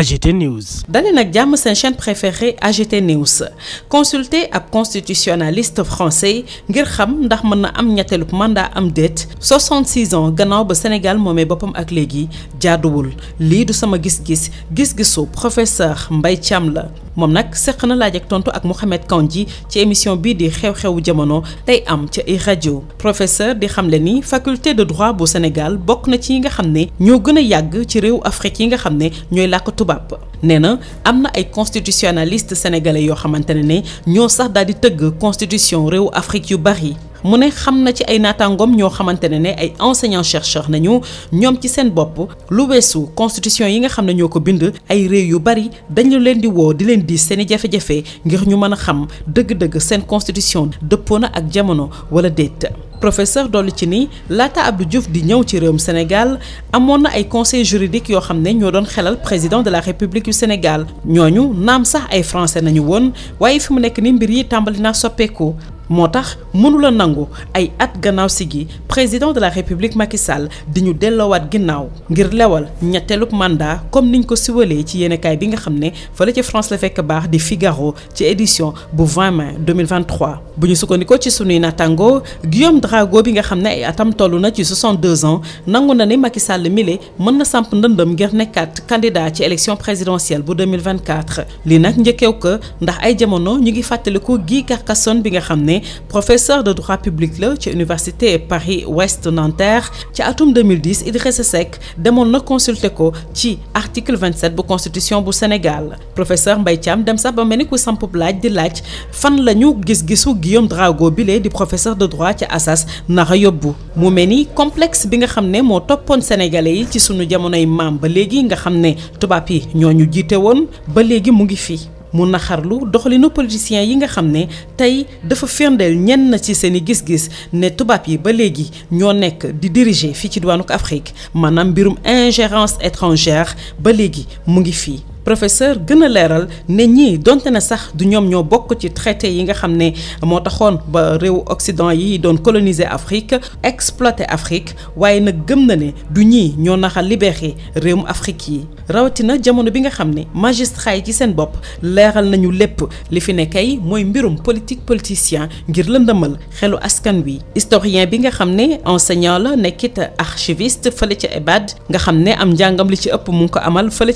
AGT News. dalee nag jàmm seen chaîne préférée AGT News consulter ab constitutionnaliste français ngir xam ndax mën na am ñetteelub mandat am déet 66 ans gannaaw ba Sénégal moomee boppam ak léegi jaaduwul lii du sama gis-gis gis-gisu professeur Mbaye Thiam la moom nag seq na laaj ak tontu ak Mouhamed Kandji ci émission bii di xew xew jamono tey am ca i rajo professeur di xamle ni faculté de droit bu Sénégal bokk na ci yi nga xam ne ñoo gën a yàgg ci réew Afrique yi nga xam ne ñooy làkkatu tubaab nee na am na ay constitutionnaliste sénégalais yoo xamante ne ne ñoo sax daal di tëgg constitution réew Afrique yu bari mu ne xam na ci ay naataangoom ñoo xamante ne ne ay enseignants chercheurs nañu ñoom ci seen bopp lu weesu constitution yi nga xam ne ñoo ko bind ay réew yu bari dañu leen di woo di leen di seen i jafe-jafe ngir ñu mën a xam dëgg-dëgg seen constitution dëppoo na ak jamono wala déet. professeur dolli ci ni laata Abdou Diouf di ñëw ci réewum Sénégal amoon na ay conseil juridique yoo xam ne ñoo doon xelal président de la république yu Sénégal ñooñu naam sax ay français nañu woon waaye fi mu nekk ni mbir yi tàmbali naa soppeeku. moo tax mënula nangu ay at gannaaw si gi président de la république Macky Sall di ñu delloowaat ginnaaw ngir lewal ñetteelub mandat comme ñu ko siwalee ci yéenekaay bi nga xam ne fële ca France la fekk baax di Figaro ci édition bu 20 mai 2023. bu ñu sukkandikoo ci sunuy natango Guillaume Drago bi nga xam ne atam toll na ci 62 ans nangu na ne Macky Sall mile mën na samp ndëndëm ngir nekkaat candidat ci élection présidentielle bu 2024. li nag njëkkeew ko ndax ay ñu ngi fàttaliku Guy Carcassonne bi nga xam ne. ne professeur de droit public la ci université Paris Ouest Nanterre ci atum 2010 Idrissa Seck demoon na consulter ko ci article 27 bu constitution bu Sénégal professeur Mbaye Thiam dem sax ba mel ni ku sampub laaj di laaj fan la ñu gis-gisu Guillaume Drago bile di professeur de droit ci Assas nara yóbbu mu mel ni complexe bi nga xam ne moo toppoon sénégalais yi ci suñu jamonoy maam ba léegi nga xam ne tubaab yi ñoo ñu jiite woon ba léegi mu ngi fii mu naxarlu doxalinu politiciens yi nga xam ne tey dafa firndeel ñenn ci seen i gis-gis ne tubaab yi ba léegi ñoo nekk di diriger fii ci diwaanu Afrique maanaam mbirum ingérence étrangère ba léegi mu ngi fii. professeur gën a leeral ne ñii donte na sax du ñoom ñoo bokk ci traité yi nga xam ne moo taxoon ba réew Occident yi doon coloniser Afrique exploité Afrique waaye nag gëm na ne du ñii ñoo naxal naxa libéré réewum Afrique yi rawatina jamono bi nga xam ne magistrat yi ci seen bopp leeral nañu lépp li fi ne kay mooy mbirum politique politicien ngir lëndëmal xelu askan wi historien bi nga xam ne enseignant la nekkit archiviste fële ca EBAD nga xam ne am njàngam li ci ëpp mu ko amal fële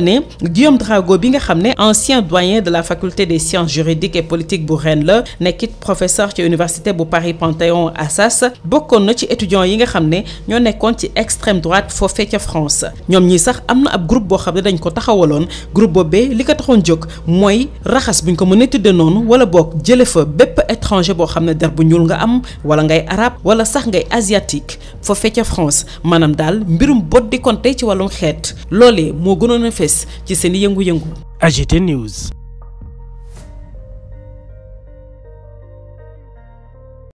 na ne Guillaume Drago bi nga xam ne ancien doyen de la faculté des sciences juridiques et politiques bu Rennes la nekkit professeur ci université bu Paris Panthéon Assas bokkoon na ci étudiants yi nga xam ne ñoo nekkoon ci extrême droite foofee ca France ñoom ñi sax am na ab groupe boo xam ne dañ ko taxawaloon groupe boobee li ko taxoon jóg mooy raxas buñ ko mënee tudde noonu wala boog jële fa bépp étranger boo xam ne der bu ñuul nga am wala ngay arabe wala sax ngay asiatique foofee ca maanaam daal mbirum bot di konte ci wàllum xeet fes ci seen i yëngu-yëngu. News.